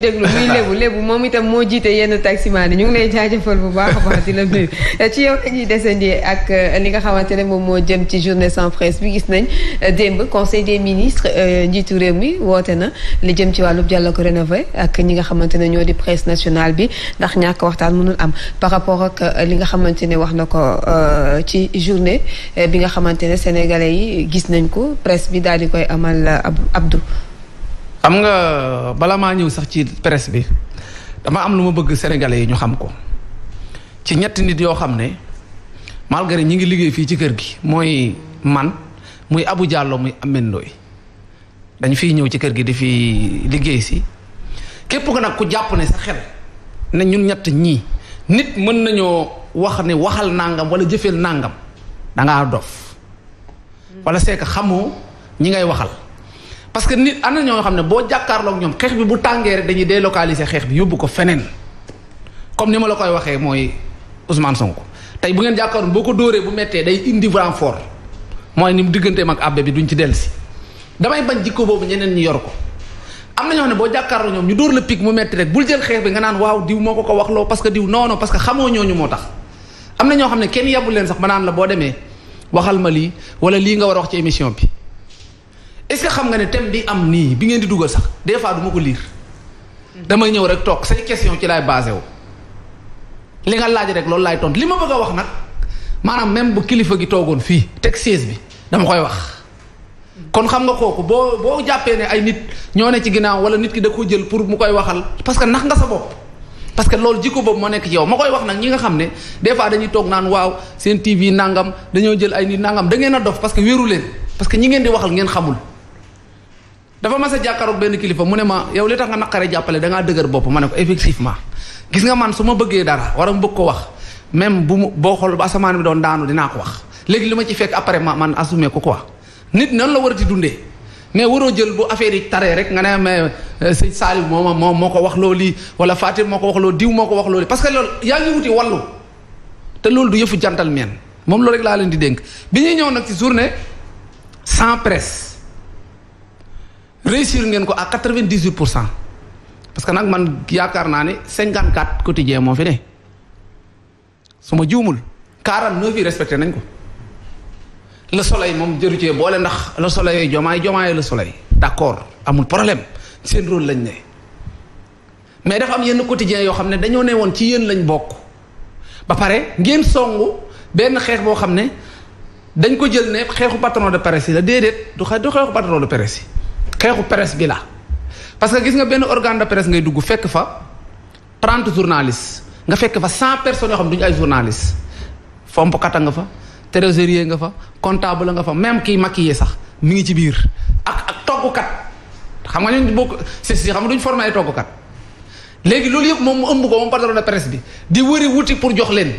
déglu muy lébu lébu moom itam moo jiite yenn taximaan yi ñu ngi lay jaajëfal bu baax a baax di la nuyu ci yow la ñuy desandi ak euh, li nga xamante ne moom moo jëm ci journée sans presse bi gis nañ euh, démb conseil des ministres euh, njiitu réew mi woote na li jëm ci wàllu wàllub dialogue rénové ak ñi nga xamante ne ñoo di presse nationale bi ndax ñàkk waxtaan mënul am par rapport ak li nga xamante ne wax na ko ci journée bi nga xamante ne sénégalais yi gis nañ ko presse bi daal di koy amal Abdou. xam nga bala maa ñëw sax ci presse bi dama am lu ma bëgg sénégalais yi ñu xam ko ci ñetti nit yoo xam ne malgré ñi ngi liggéey fii ci kër gi mooy man muy abu jàlloo muy Ameth dañu dañ fiy ñëw ci kër gi di fi liggéey si képp ko nag ku jàpp ne sa xel ne ñun ñett ñii nit mën nañoo wax ne waxal nàngam wala jëfeel nàngam dangaa dof wala c'est que xamoo ñi ngay waxal parce que nit am na ñoo xam ne boo jàkkaarloog ñoom xeex bi bu tàngee rek dañuy délocaliser xeex bi yóbbu ko feneen comme ni ma la koy waxee mooy Ousmane Sonko tey bu ngeen jàkkaarloog boo ko dóoree méttee day indi renfort mooy ni mu digganteem ak abbé bi duñ ci dellusi damay bañ jikko boobu ñeneen ñi yor ko. am na ñoo boo jàkkaarloo ñoom ñu dóor la pic mu metti rek bul jël xeex bi nga naan waaw diw moo ko ko waxloo parce que diw non non que xamoo ñooñu moo tax am na ñoo xam ne kenn yàbbu leen sax ba naan la boo demee waxal ma lii wala lii nga war a wax ci émission bi est-ce xam nga ne thème bi am nii bi ngeen di dugal sax des fois du ma ko lire damay ñëw rek toog say question ci laay basé wu li nga laaj rek loolu laay tontu li ma bëgg a wax nag maanaam même bu kilifa gi toogoon fii teg siège bi dama koy wax kon xam nga kooku boo boo jàppee ne ay nit ñoo ne ci ginnaaw wala nit ki da ko jël pour mu koy waxal parce que nax nga sa bopp parce que loolu jikko boobu moo nekk ci yow ma koy wax nag ñi nga xam ne des fois dañuy toog naan waaw seen TV nangam dañoo jël ay nit nangam da a dof parce que wéeru leen parce que ñi ngeen di waxal ngeen xamul dafa mas a jàkkaaroog benn kilifa mu ne ma yow li tax nga naqaree jàppale dangaa dëgër bopp ma ne ko effectivement gis nga man su ma bëggee dara war a bëgg ko wax même bu mu boo xool ba asamaan bi doon daanu dinaa ko wax léegi li ma ci fekk après ma man assumé ko quoi nit nan la war a di dundee mais waroo jël bu affaire yi taree rek nga ne mais euh, sëñ Saliou moo moo moo ko wax loo lii wala Fatim moo ko wax loo diw moo ko wax loo parce que loolu yaa ngi wuti wallu te loolu du yëfu jantal meen moom loolu rek laa leen di dénk bi ñuy ñëw nag ci journée sans presse. réussir ngeen ko à quatre vingt dix huit pour cent parce que nag man yaakaar naa ne cinquante quatre quotidien moo fi ne su ma juumul quarante neuf yi respecté nañ ko le soleil moom jëru cee boole ndax le soleil jomaay jomaay le soleil d' accord amul problème seen rôle lañ ne mais dafa am yenn quotidien yoo xam ne dañoo ne woon ci yéen lañ bokk ba pare ngeen songu benn xeex boo xam ne dañ ko jël ne xeexu patron de presse la déedéet du xeexu patron de si xeexu presse bi la parce que gis nga benn organe de presse ngay dugg fekk fa trente journalistes nga fekk fa cent personne yoo xam ne ay journalistes fomp kata nga fa trésorier nga fa comptable nga fa même kii maquillé sax mu ngi ci biir ak ak toggukat xam nga ñun bokk si si xam nga duñ formé ay toggukat léegi loolu yëpp moom mu ëmb ko moom patron de presse bi di wëri wuti pour jox leen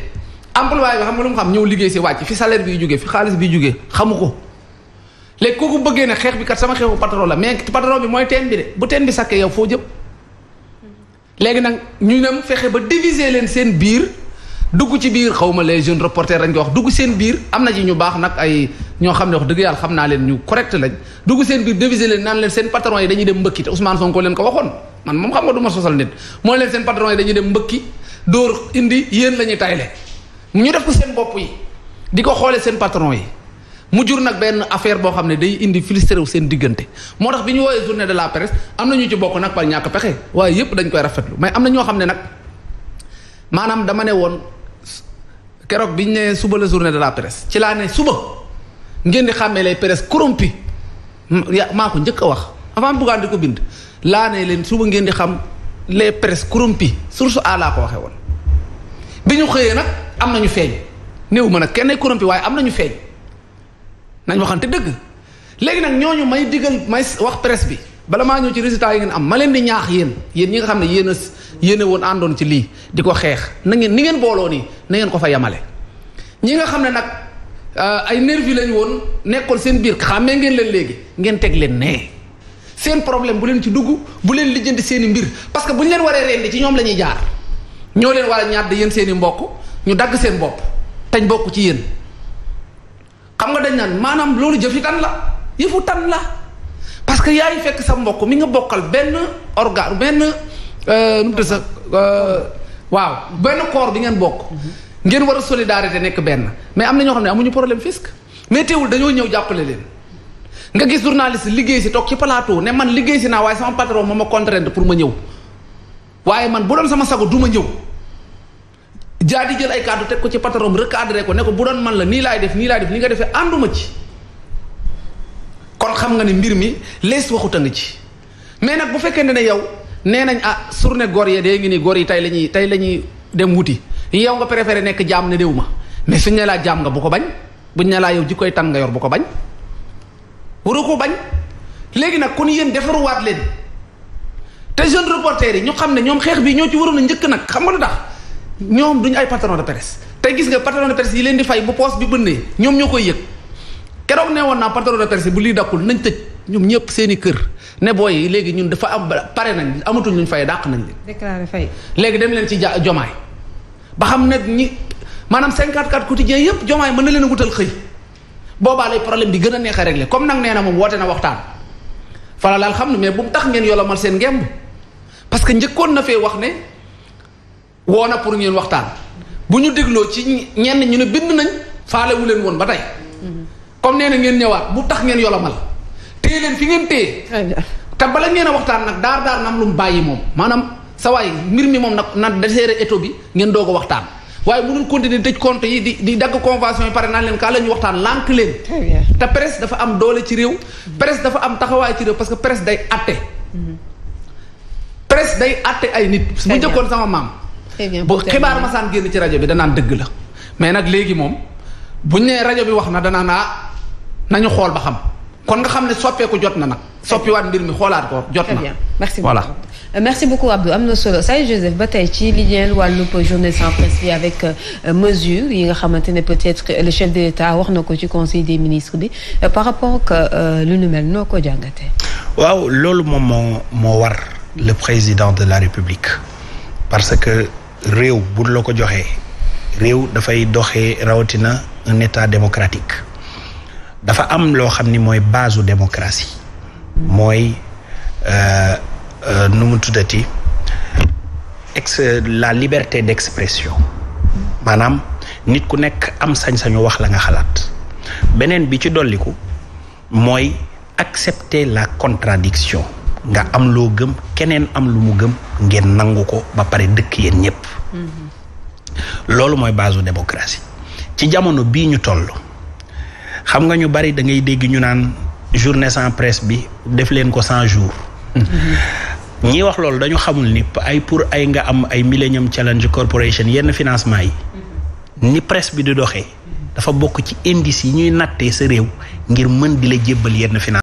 employé bi xam nga lu mu xam ñëw liggéey si wàcc fi salaire bi jógee fi xaalis bi jógee xamu ko léegi kooku bëggee ne xeex bi kat sama xeexu patron la mais patron bi mooy teen bi de bu teen bi sakkee yow foo jëm léegi nag ñu dem fexe ba diviser leen seen biir dugg ci biir xaw ma les jeunes reporters dañ ko wax dugg seen biir am na ci ñu baax nag ay ñoo xam ne wax dëgg yàlla xam naa leen ñu correct lañ dugg seen biir diviser leen naan leen seen patron yi dañuy dem mbëkki te Ousmane Sonko leen ko waxoon man moom xam nga du ma sosal nit mooy leen seen patron yi dañuy dem mbëkki dóor indi yéen la ñuy tayle ñu def ko seen bopp yi di ko xoolee seen patron yi mu jur nag benn affaire boo xam ne day indi filistréw seen diggante moo tax bi ñu wooyee journée de la presse am na ñu ci bokk nag par ñàkk pexe waaye yépp dañ koy rafetlu mais am na ñoo xam ne nag maanaam dama ne woon keroog bi ñu nee suba la journée de la presse ci laa ne suba ngeen di xàmmee les presse corrompu maa ko njëkk a wax avant buggaan di ko bind laa leen suba ngeen di xam les presse corrompu source a laa ko waxee woon bi ñu xëyee nag am na ñu feeñ néew ma nag kenn corrompu waaye am na ñu feeñ. nañ te dëgg léegi nag ñooñu may diggal may wax presse bi bala maa ñëw ci résultat yi ngeen am ma leen di ñaax yéen yéen ñi nga xam ne yéen a woon àndoon ci lii di ko xeex na ngeen ni ngeen booloo nii na ngeen ko fa yemale ñi nga xam ne nag euh, ay nervi lañ woon nekkoon seen biir xàmmee ngeen leen léegi ngeen teg leen nee seen problème bu leen ci dugg bu leen lijjanti seen i mbir parce que bu ñu leen waree rendi ci ñoom lañuy jaar ñoo leen war a ñadd yéen seen i mbokk ñu dagg seen bopp tañ bokk ci yéen xam nga dañ naan maanaam loolu jëfi tan la yëfu tan la parce que yaay fekk sa mbokk mi nga bokkal benn organe benn euh, nu mu tudd sa euh, waaw benn koor bi ngeen bokk ngeen war a solidarité nekk benn mais am na ñoo xam ne amuñu problème fisc mais teewul dañoo ñëw jàppale leen nga gis journaliste liggéey si toog ci plateau ne man liggéey si naa waaye sama patron moo ma contraindre pour ma ñëw waaye man bu doon sama sago du ma ñëw jaar di jël ay kàddu teg ko ci patron recadré ko ne ko bu doon man la nii laay def nii laay def nii nga defee ànduma ci kon xam nga ni mbir mi lees waxuta a nga ci mais nag bu fekkee ne yow nee nañ ah surne gor ya dee ngi ni gor yi tey la ñuy tey la ñuy dem wuti yow nga préféré nekk jaam ne déw ma mais suñ ne laa jaam nga bu ko bañ buñ ne laa yow jikkoy tan nga yor bu ko bañ waru ko bañ léegi nag kon yéen defaruwaat leen te jeune reporter yi ñu xam ne ñoom xeex bi ñoo ci waroon a njëkk nag xam nga lu tax ñoom duñu ay patron de presse te gis nga patron de yi leen di fay bu poos bi bënnee ñoom ñoo koy yëg keroog ne woon naa patron de presse bu lii dakkul nañ tëj ñoom ñëpp seen i kër ne boo yi léegi ñun dafa am pare nañ amatuñ ñu fay dàq nañ leen. fay. léegi dem leen ci ja jomaay ba xam ne ñi maanaam 54 quotidiens yëpp jomaay mën na leen a wutal xëy boobaa lay problème bi gën a neex a réglé comme nag nee na moom woote na waxtaan fala laal xam ne mais bu tax ngeen yolomal seen ngemb parce que njëkkoon na fee wax ne. woo na pour ngeen waxtaan bu ñu dégloo ci ñenn ñu ne bind nañ faale leen woon ba tey comme nee na ngeen ñëwaat bu tax ngeen yolomal téye leen fi ngeen téye te bala ngeen a waxtaan nag daar daar na am mu bàyyi moom maanaam sa waay mbir mi moom nag na deseere éto bi ngeen doog a waxtaan waaye mënul continuer tëj compte yi di di dagg convention yi pare naan leen kaa la ñu waxtaan lànk leen te presse dafa am doole ci réew presse dafa am taxawaay ci réew parce que presse day atte mhm. presse day atte ay nit bu njëkkoon sama maam bu xibaaru masaan génn ci rajo bi danaan dëgg la mais nag léegi moom buñ nee rajo bi wax na danaan ah nañu xool ba xam kon nga xam ne soppeeku jot na nag soppiwaat mbir mi xoolaat ko jot na merci voilà merci beaucoup Abdou am na solo say Joseph ba ci li ñeel wàllub journée sans presse bi avec euh, yi nga xamante ne peut-être le chef wax na ko ci conseil des ministres bi euh, par rapport que euh, noo ko jàngatee. waaw loolu moom moo moo war le président de la République parce que réew bu la ko joxee réew dafay doxee rawatina un état démocratique dafa am loo xam ni mooy base démocratie mooy euh, euh, nu mu tuddati ex la liberté d'expression maanaam nit ku nekk am sañ-sañu wax la nga xalaat beneen bi ci dolliku mooy accepter la contradiction nga am loo gëm keneen am lu mu gëm ngeen nangu ko ba pare dëkk yéen ñëpp. Mm-hmm. loolu mooy base démocratie ci jamono bii ñu toll xam nga ñu bari da ngay dégg ñu naan journée sans press bi def leen ko cent jours. Mm-hmm. ñi wax loolu dañu xamul ni ay pour ay nga am ay Millennium Challenge Corporation yenn financement yi. Mm-hmm. ni presse bi di doxee. dafa bokk ci indice yi ñuy nattee sa réew ngir mën di la jébbal yenn finance